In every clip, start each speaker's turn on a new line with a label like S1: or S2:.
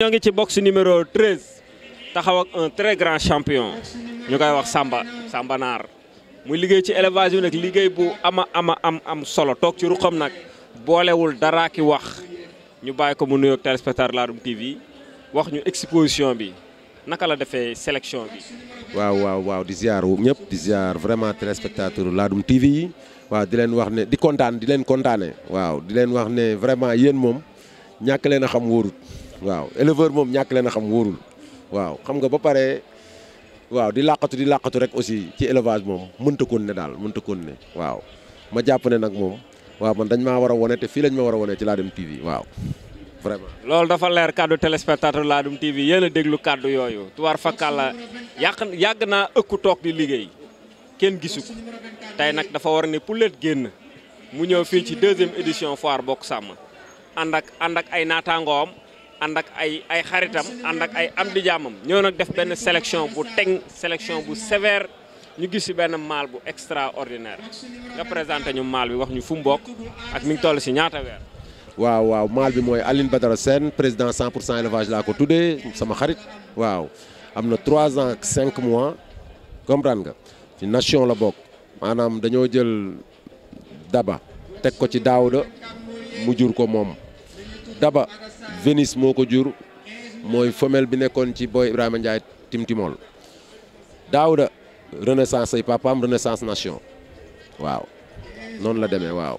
S1: ñoo ngi ci box numéro 13 taxaw ak un très grand champion ñu koy wax sàmba Samba Naar muy liggéey ci élevage bi nag liggéey bu ama ama am am solo toog ci ruqam nag boolewul daraa ki wax ñu bàyyi ko mu nuyoog téléspectateur Ladoum TV wax ñu exposition bi naka la defee sélection bi.
S2: waaw waaw waaw di ziar ñëpp di ziar vraiment téléspectateur Ladoum TV yi waaw di leen wax ne di kontaan di leen kontaane waaw di leen wax ne vraiment yéen moom ñàkk leen a xam wóorut. waaw éleveur moom ñàkk leen a xam wóorul waaw xam nga ba pare waaw di làqatu di làqatu rek aussi ci élevage moom mënta koon ne daal mënta koon ne waaw ma jàpp ne nag moom waaw man dañ maa war a wone te fii lañ ma war a wone ci Ladoum TV waaw vraiment.
S1: loolu dafa leer kàddu téléspectateur Ladoum TV yéen a déglu kàddu yooyu tuwaar fakkal la yàq yàgg naa ëkku toog di liggéey kenn gisu ko tey nag dafa war ne poulet génn mu ñëw fii ci deuxième édition foir bokk sàmm ànd ak ànd ak ay ànd ak ay ay xaritam ànd ak ay am di jàmmam ñoo nag def benn sélection bu teng sélection bu sévère ñu gis ci benn maal bu extraordinaire nga présente ñu maal bi wax ñu fu mu bokk ak mi ngi toll ci ñaata weer.
S2: waaw waaw maal bi mooy Aline Badara Sène président 100 pour 100 élevage laa ko tuddee sama xarit waaw am na trois ans ak 5 mois comprendre nga ci nation la bokk maanaam dañoo jël daba teg ko ci Daouda mu jur ko moom. Daba Vénice moo ko jur mooy fomeel bi nekkoon ci booy Ibrahima Ndiaye Timtimol Daouda renaissance ay papaam renaissance nation waaw noonu la demee waaw.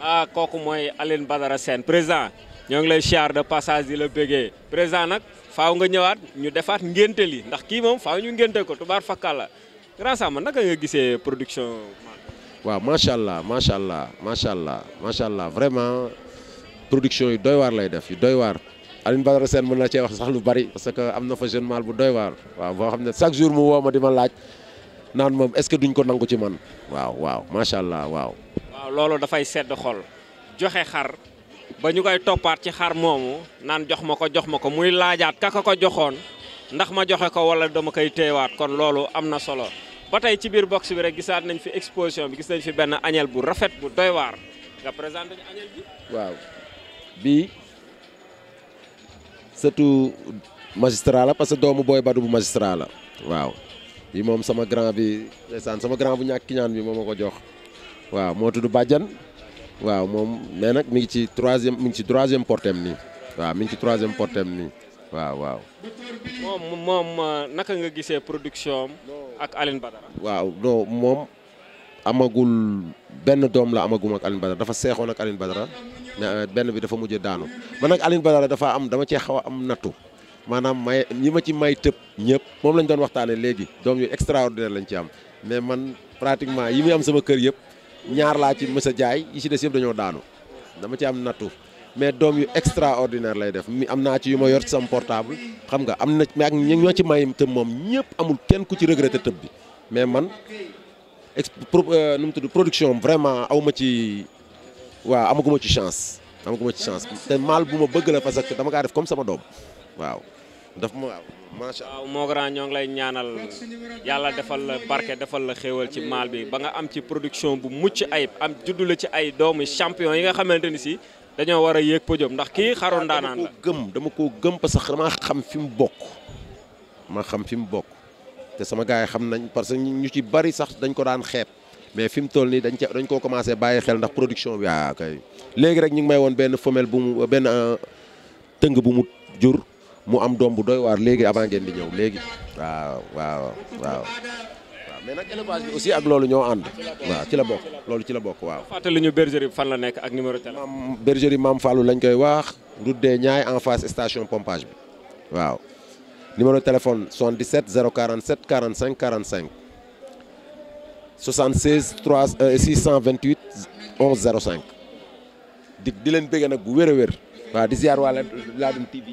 S1: ah kooku mooy Aline Badara Sène président ñoo ngi lay siyaar de passage di la bégee président nag faaw nga ñëwaat ñu defaat ngénte li ndax kii moom faaw ñu ngénte ko tubaar fakkal la grand sama naka nga gisee production.
S2: waaw macha allah macha allah macha allah macha allah vraiment. production yu doywaar lay def yu doywaar waar Alioune Badara Sène mën na wax sax lu bari parce que am na fa jeune bu doy waar waaw boo xam ne chaque jour mu woo ma di ma laaj naan moom est-ce que duñ ko nangu ci man waaw waaw macha allah waaw.
S1: waaw loolu dafay sedd xol joxe xar ba ñu koy toppaat ci xar moomu naan jox ma ko jox ma ko muy laajaat kaka ko joxoon ndax ma joxe ko wala dama koy téewaat kon loolu am na solo ba tey ci biir box bi rek gisaat nañ fi exposition bi gis nañ fi benn añel bu rafet bu doy waar
S2: bii surtout magistrat la parce que doomu booy badu bu magistrat la waaw bi moom sama grand bi ndeysaan sama grand bu ñàkk kiñaan bi moom ma ko jox waaw moo tuddu Badiane waaw moom mais nag mu ngi ci troisième mu ngi ci troisième portem nii waaw mi ngi ci troisième portem nii waaw waaw.
S1: moom moom euh, naka nga gisee production ak Aline Badara.
S2: waaw moom. amagul benn doom la amagum ak Alioune Badara dafa seexoon ak Alioune Badara mais euh, benn bi dafa mujje daanu man nag Alioune Badara dafa am dama cee xaw a am nattu maanaam may ñi ma ci may tëb ñëpp moom lañ doon waxtaanee léegi doom yu extraordinaire lañ ci am mais man pratiquement yi muy am sama kër yëpp ñaar laa ci mës a jaay yi ci des yëpp dañoo daanu dama ci am nattu mais doom yu extraordinaire lay def mi am naa ci yu ma yor ci sam xam nga am na mais ak ñoo ci may tëb moom ñëpp amul kenn ku ci regretté tëb bi mais man Euh, nu mu tudd production vraiment aw ma ci waaw amaguma ci chance amaguma ci chance te maal bu ma bëgg la parce que dama kaa def comme sama doom waaw daf ma waaw
S1: macha allah moo grand ñoo ngi lay ñaanal yàlla defal la barke defal la xéewal ci maal bi ba nga am ci production bu mucc ayib am juddu la ci ay doomu champion yi nga xamante ni si dañoo war a yéeg podium ndax kii xaroon daanaan la dama koo gëm dama koo gëm parce que dama xam
S2: fi mu bokk ma xam fi mu bokk te sama gaa yi xam nañ parce que ñu ci bari sax dañ ko daan xeeb mais fi mu toll nii dañ ca dañ koo commencé bàyyi xel ndax production bi ah kay léegi rek ñu ngi may woon benn femelle bu mu benn euh, tëng bu mu jur mu am doom bu doy waar léegi avant ngeen di ñëw léegi waaw waaw waaw.
S1: mais aussi ak loolu ñoo
S2: ànd. waa ci la bokk loolu ci la bokk waaw.
S1: fàttali ñu bergerie fan la nekk ak numéro téléphone. maam
S2: bergerie maam Fallou lañ koy wax. route dee Niayes en face station pompage bi waaw. numéro téléphone 77 047 45 45 76 3 628 di di leen bëggee nag bu wér a wér waaw di ziar waa Ladoum TV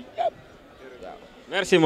S1: merci